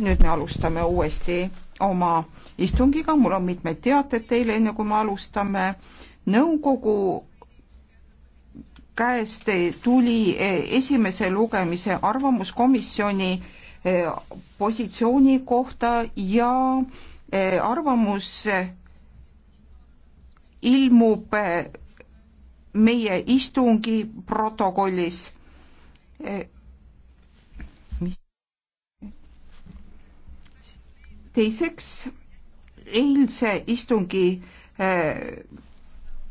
nüüd me alustame uuesti oma istungiga, mul on mitmed teated teile, enne kui me alustame. nõukogu käest tuli eh, esimese lugemise arvamuskomisjoni eh, positsiooni kohta ja eh, arvamus ilmub meie istungi protokollis teiseks, eilse istungi äh,